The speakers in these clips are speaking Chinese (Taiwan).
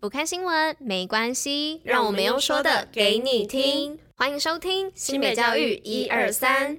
不看新聞沒關係，讓我們用說的給你聽。歡迎收聽新北教育一二三。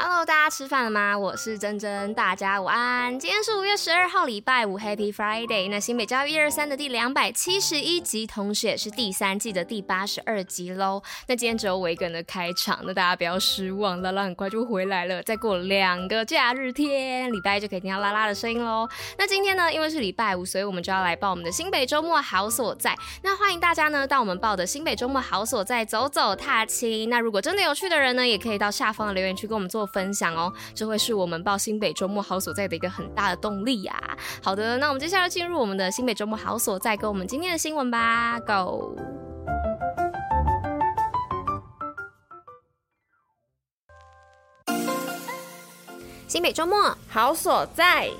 Hello，大家吃飯了嗎？我是珍珍，大家午安。今天是五月十二號，禮拜五，Happy Friday。那新北教育一二三的第兩百七十一集，同時也是第三季的第八十二集嘍。那今天只有我一個人的開場，那大家不要失望，拉拉很快就回來了。再過兩個假日天，禮拜一就可以聽到拉拉的聲音嘍。那今天呢，因為是禮拜五，所以我們就要來報我們的新北週末好所在。那歡迎大家呢到我們報的新北週末好所在走走踏青。那如果真的有趣的人呢，也可以到下方的留言區跟我們做分享哦，這會是我們報新北週末好所在的一個很大的動力呀。好的，那我們接下來進入我們的新北週末好所在，跟我們今天的新聞吧，Go！新北週末好所在。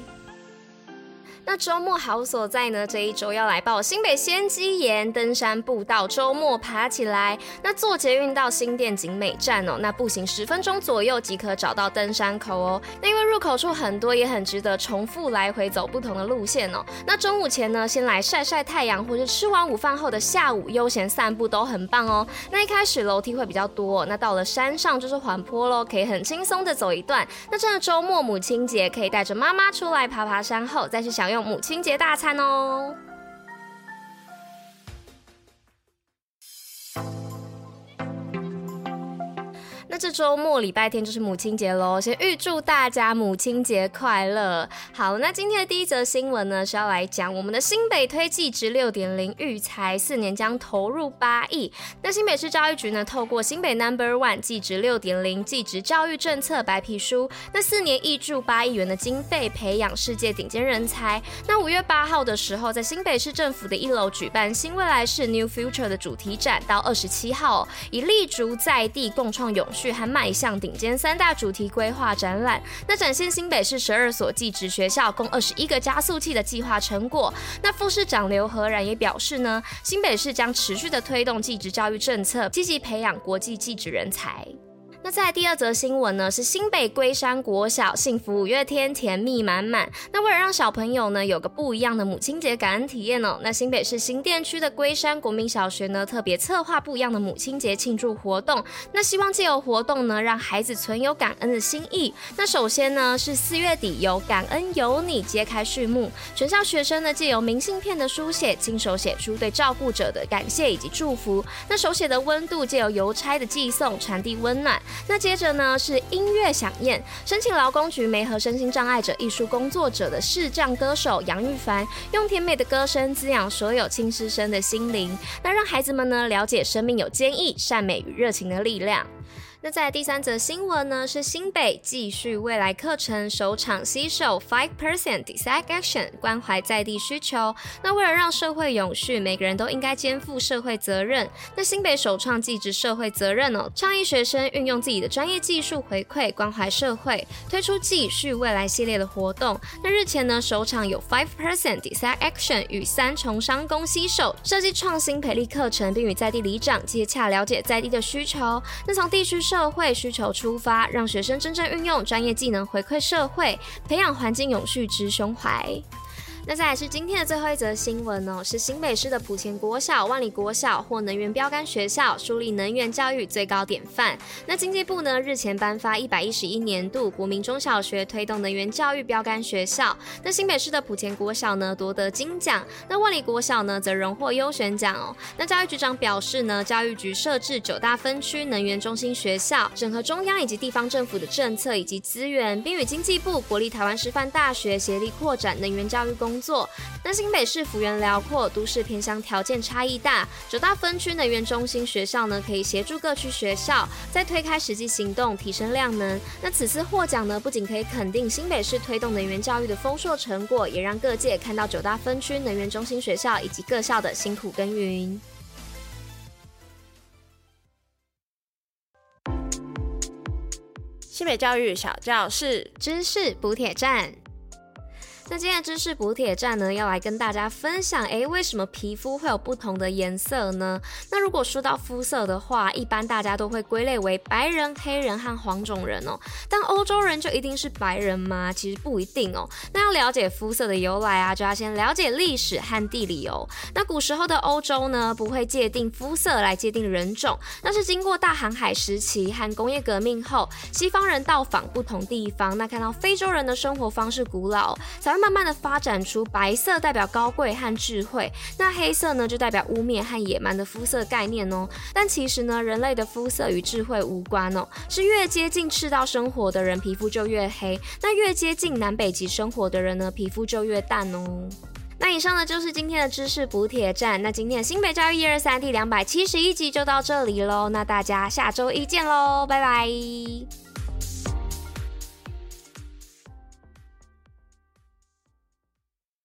那周末好所在呢？這一周要來報新北仙跡岩登山步道，周末爬起來。那坐捷運到新店景美站哦，那步行十分鐘左右即可找到登山口哦。那因為入口處很多，也很值得重複來回走不同的路線哦。那中午前呢，先來曬曬太陽，或是吃完午飯後的下午悠閒散步都很棒哦。那一開始樓梯會比較多，那到了山上就是緩坡嘍，可以很輕鬆的走一段。那這個周末母親節，可以帶着媽媽出來爬爬山後，再去享用。母親節大餐哦！這周末禮拜天就是母親節嘍，先預祝大家母親節快樂。好，那今天的第一則新聞呢是要來講我們的新北推技職六點零，育才四年將投入八億。那新北市教育局呢，透過新北 Number One 技職六點零技職教育政策白皮書，那四年挹注八億元的經費，培養世界頂尖人才。那五月八號的時候，在新北市政府的一樓舉辦新未來式 New Future 的主題展，到二十七號，以立足在地共創永續。還邁向頂尖三大主題規劃展覽，那展現新北市十二所技職學校共二十一個加速器的計劃成果。那副市長劉和然也表示呢，新北市將持續的推動技職教育政策，積極培養國際技職人才。那在第二則新聞呢，是新北龜山國小幸福五月天甜蜜滿滿。那為了讓小朋友呢有個不一樣的母親節感恩體驗哦、喔，那新北市新店區的龜山國民小學呢特別策劃不一樣的母親節慶祝活動。那希望借由活動呢，讓孩子存有感恩的心意。那首先呢是四月底由感恩有你揭開序幕，全校學生呢借由明信片的書寫，親手寫出對照顧者的感謝以及祝福。那手寫的溫度借由郵差的寄送，傳遞溫暖。那接着呢是音樂饗宴，申請勞工局媒合身心障礙者藝術工作者的視障歌手楊玉凡，用甜美的歌聲滋養所有親師生的心靈，那讓孩子們呢了解生命有堅毅、善美與熱情的力量。那在第三則新聞呢，是新北技續未來課程首場攜手5% Design Action 關懷在地需求。那為了讓社會永續，每個人都應該肩負社會責任。那新北首創技職社會責任哦，倡議學生運用自己的專業技術回饋關懷社會，推出技續未來系列的活動。那日前呢，首場有5% Design Action 與三重商工攜手設計創新培力課程，並與在地里長接洽了解在地的需求。那從地區社會需求出發，讓學生真正運用專業技能回饋社會，培養環境永續之胸懷。那再來是今天的最後一則新聞哦，是新北市的埔墘國小、萬里國小獲能源標竿學校，樹立能源教育最高典範。那經濟部呢日前頒發一百一十一年度國民中小學推動能源教育標竿學校，那新北市的埔墘國小呢奪得金獎，那萬里國小呢則榮獲優選獎哦。那教育局長表示呢，教育局設置九大分區能源中心學校，整合中央以及地方政府的政策以及資源，並與經濟部國立台灣師範大學協力擴展能源教育公。作，那新北市幅員遼闊，都市偏鄉條件差異大，九大分區能源中心學校呢，可以協助各區學校再推開實際行動，提升量能。那此次獲獎呢，不僅可以肯定新北市推動能源教育的豐碩成果，也讓各界看到九大分區能源中心學校以及各校的辛苦耕耘。新北教育小教室，知識補帖站。那今天的知識補帖站呢，要來跟大家分享，誒，為什麼皮膚會有不同的顏色呢？那如果說到膚色的話，一般大家都會歸類為白人、黑人和黃種人哦。但歐洲人就一定是白人嗎？其實不一定哦。那要了解膚色的由來啊，就要先了解歷史和地理哦。那古時候的歐洲呢，不會界定膚色來界定人種，那是經過大航海時期和工業革命後，西方人到訪不同地方，那看到非洲人的生活方式古老、哦，慢慢的發展出白色代表高貴和智慧，那黑色呢，就代表污衊和野蠻的膚色概念哦。但其實呢，人類的膚色與智慧無關哦，是越接近赤道生活的人皮膚就越黑，那越接近南北極生活的人呢，皮膚就越淡哦。那以上呢，就是今天的知識補帖站。那今天的新北教育一二三第兩百七十一集就到這裡嘍，那大家下周一見嘍，拜拜。